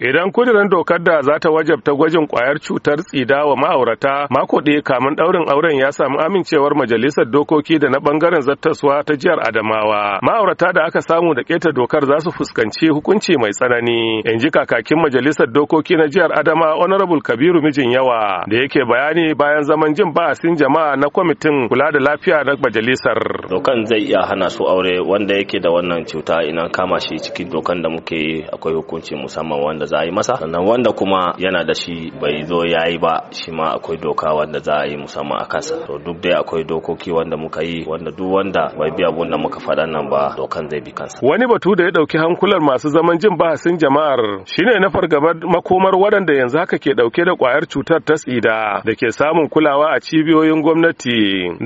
Idan kudirin dokar da za ta wajabta gwajin kwayar cutar tsida wa ma'aurata mako ɗaya kamun ɗaurin auren ya samu amincewar majalisar dokoki da na ɓangaren zattaswa ta jihar Adamawa. Ma'aurata da aka samu da keta dokar za su fuskanci hukunci mai tsanani. In ji kakakin majalisar dokoki na jihar Adama Honorable Kabiru Mijin Yawa da yake bayani bayan zaman jin ba'asin jama'a na kwamitin kula da lafiya na majalisar. Dokan zai iya hana su aure wanda yake da wannan cuta ina kama shi cikin dokan da muke yi akwai hukunci musamman wanda da za a yi masa sannan wanda kuma yana da shi bai zo ya yi ba shi ma akwai doka wanda za a yi musamman a kansa to duk dai akwai dokoki wanda muka yi wanda duk wanda bai bi abun da muka faɗa nan ba dokan zai bi kansa wani batu da ya ɗauki hankular masu zaman jin bahasin jama'ar shine na fargabar makomar waɗanda yanzu haka ke ɗauke da kwayar cutar ta tsida da ke samun kulawa a cibiyoyin gwamnati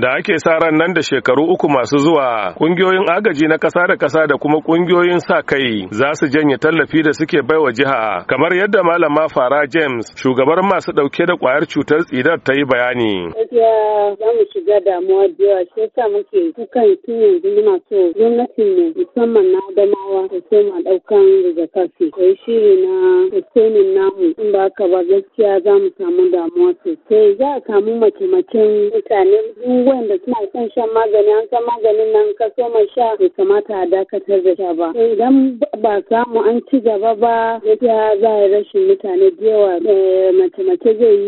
da ake sa ran nan da shekaru uku masu zuwa ƙungiyoyin agaji na ƙasa da ƙasa da kuma ƙungiyoyin sa kai za su janye tallafi da suke baiwa jiha kamar yadda malama fara James shugabar masu dauke da kwayar cutar tsidar ta yi bayani. Gaskiya za mu shiga damuwa da yawa shi yasa muke kukan tun yanzu muna so gwamnatin mu musamman na Adamawa ta koma daukan rigakafi. Kai shiri na tsenin namu in ba haka ba gaskiya za mu samu damuwa sosai. Za a samu mace-macen mutane duk wanda suna son shan magani an san maganin nan ka so ma sha bai kamata a dakatar da sha ba. Idan ba samu an ci gaba ba gaskiya za a rashin mutane eh,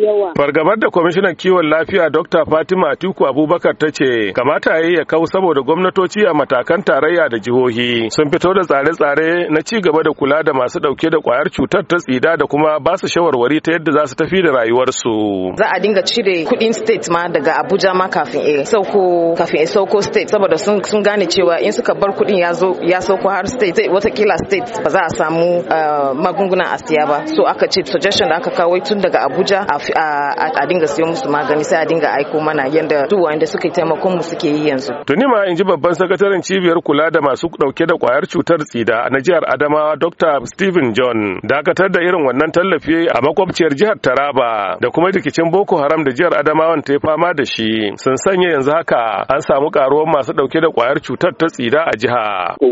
yawa Fargabar da kwamishinan kiwon lafiya Dr. Fatima Atiku Abubakar ta ce kamata ya yi ya kau saboda gwamnatoci a matakan tarayya da jihohi sun fito da tsare-tsare na ci gaba da kula da masu ɗauke da kwayar cutar ta tsida da kuma ba su shawarwari ta yadda za su tafi da rayuwarsu. Za a dinga cire kuɗin state ma daga Abuja ma kafin a sauko kafin a sauko state saboda sun gane cewa in suka bar kuɗin ya sauko har state watakila state ba za a samu eh, magunguna magana a siya ba so aka ce suggestion da aka kawo tun daga abuja a dinga siyo musu magani sai a dinga aiko mana yanda duk wanda suka yi taimakon mu suke yi yanzu tuni ma in ji babban sakataren cibiyar kula da masu dauke da kwayar cutar tsida a jihar adamawa dr stephen john dakatar da irin wannan tallafi a makwabciyar jihar taraba da kuma rikicin boko haram da jihar adamawan ta yi fama da shi sun sanya yanzu haka an samu karuwar masu dauke da kwayar cutar ta tsida a jiha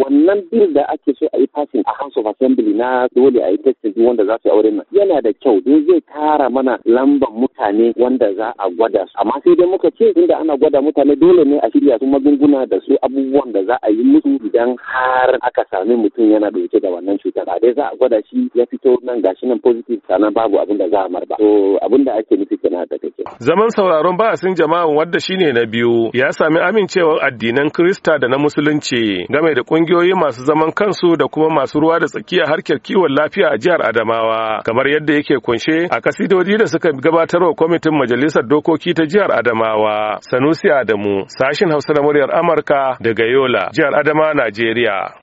wannan bil da ake so a yi passing a house of assembly na dole a yi duk wanda za su aure auren yana da kyau don zai kara mana lamban mutane wanda za a gwada su amma sai dai muka ce inda ana gwada mutane dole ne a shirya su magunguna da su abubuwan da za a yi musu idan har aka sami mutum yana dauke da wannan cutar a dai za a gwada shi ya fito nan gashi nan positive sannan babu abin da za a marba to abin da ake nufi kenan da kake zaman sauraron ba sun jama'an wadda shine na biyu ya sami amincewar addinan Kirista da na Musulunci game da kungiyoyi masu zaman kansu da kuma masu ruwa da tsakiya harkar kiwon lafiya a jihar Adamawa kamar yadda yake kunshe a kasidodi da suka gabatar wa kwamitin majalisar dokoki ta jihar Adamawa Sanusi Adamu sashin Hausa na muryar Amurka daga Yola jihar Adamawa Najeriya